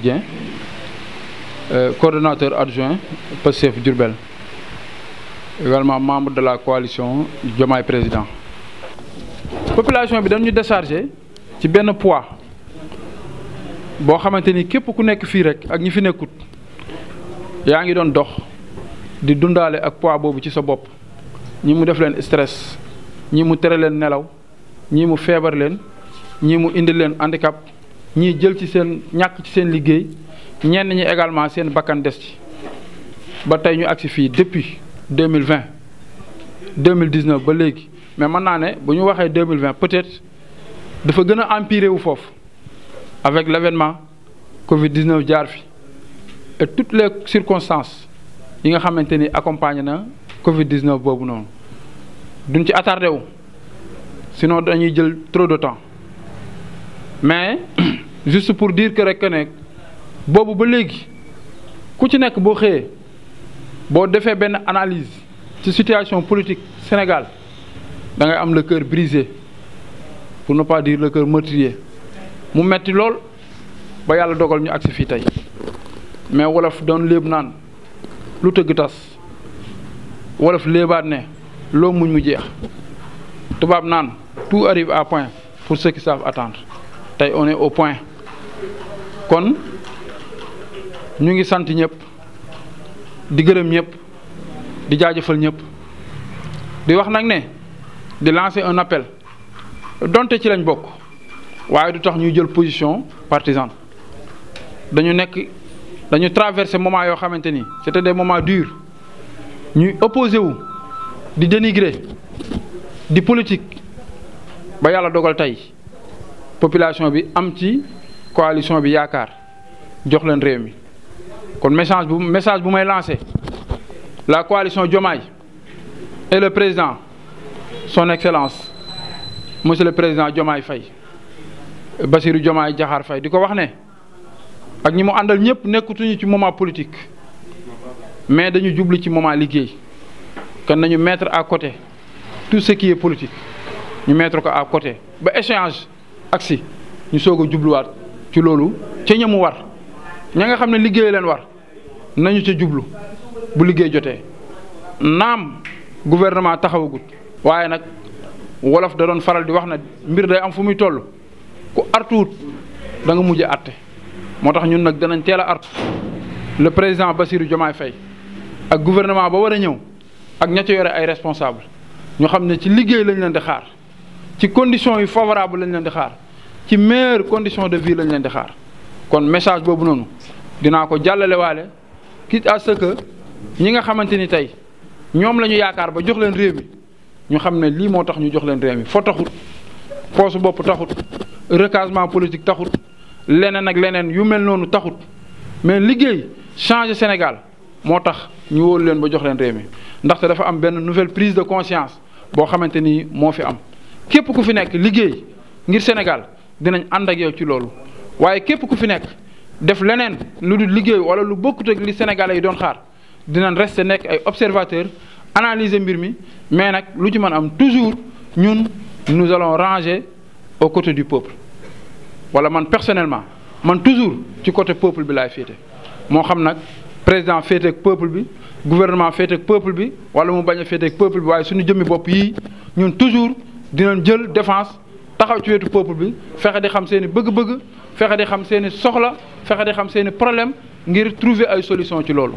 Mamour Dieng euh, coordonnateur adjoint Pastef Diourbel également membre de la coalition Diomaye Président population bi dañu déchargé ci benn poids boo xamante ni képp ku nekk fii rek ak ñi fi nekkut yaa ngi doon dox di dundaale ak pois boobu ci sa bopp ñi mu def leen stress ñi mu tere leen nelaw ñi mu feebar leen ñi mu indi leen handicap ñii jël ci seen ñàkk ci seen liggéey ñenn ñi également seen bakkan des ci ba tey ñu agsi fii depuis deux mille vingt deux mille dix neuf ba léegi mais mën naa ne bu ñu waxee deux mille vingt peut dafa gën a empiré wu foofu avec l'événement Covid dix neuf jaar fi et toutes les circonstances yi nga xamante ni accompagné na Covid boobu noonu duñ ci attardé wu sinon dañuy jël trop de temps. mais juste pour dire que rek ne boobu ba léegi ku ci nekk boo xëyee boo defee benn analyse ci situation politique Sénégal da ngay am le kër brisé pour ne pas dire le cœur meurtrier mu metti lool ba yàlla dogal ñu agsi fii tey mais wolof doon léeb naan lu tëgg tas wolof léebaat ne loo muñ mu jeex tubaab naan tout arrive à point pour ceux qui savent attendre tey on est au point kon ñu ngi sant ñëpp di gërëm ñëpp di jaajëfal ñëpp di wax nag ne di lancer un appel donte ci lañ bokk waaye du tax ñuy jël position partisane dañu nekk dañu traversé moment yoo xamante ni c'était des duur ñuy opposé wu di dénigrer di politique ba yàlla dogal tey population bi am ci coalition bi yaakaar jox leen réew mi kon message bu message bu may lancé la coalition Diomaye et le président son excellence monsieur le président Diomaye fay Bassirou Diomaye Diakhar Faye di ko wax ne ak ñi mu àndal ñëpp nekkutuñu ci moment politique mais dañu jublu ci moment liggéey kon nañu mettre à côté tout ce qui politique ñu mettre ko à côté ba échange agsi ñu soog a jubluwaat ci loolu ca ñamu war ña nga xam ne liggéey leen war nañu ca jublu bu liggéey jotee naam gouvernement taxawagut waaye nag wolof da doon faral di wax na mbir day am fu muy toll ku artuwut da nga mujj atte moo tax ñun nag danañ teel a artu le président Bassirou Diomaye Faye ak gouvernement ba war a ñëw ak ña ca yore ay responsable ñu xam ne ci liggéey lañ leen di xaar ci conditions yu favorable lañ leen di xaar ci meilleure condition de vie lañ leen di xaar kon message boobu noonu dinaa ko jàllale waale quitte à ce que ñi nga xamante ni tey ñoom la ñu yaakaar ba jox leen réew mi ñu xam ne lii moo tax ñu jox leen réew mi fo taxut poosu bopp taxut recasement politique taxut leneen ak leneen yu mel noonu taxut mais liggéey changer Sénégal moo tax ñu wóolu leen ba jox leen réew mi ndaxte dafa am benn nouvelle prise de conscience boo xamante ni moo fi am képp ku fi nekk liggéey ngir Sénégal dinañ ànd ak yow ci loolu waaye képp ku fi nekk def leneen lu dul liggéey wala lu bokkut ak li Sénégalais yi doon xaar dinañ rester nekk ay observateur analyser mbir mi mais nag lu ci mën am toujours ñun nous allons ranger au côté du peuple wala man personnellement man toujours ci côté peuple bi laay féete moo xam nag président féete ak peuple bi gouvernement féete ak peuple bi wala mu bañ a féete ak peuple bi waaye suñu jëmmi bopp yii ñun toujours dinañ jël défense taxaw ci wetu peuple bi fexe di xam seen i bëgg-bëgg fexe di xam seen soxla fexe di xam seen i problème ngir trouver ay solution ci loolu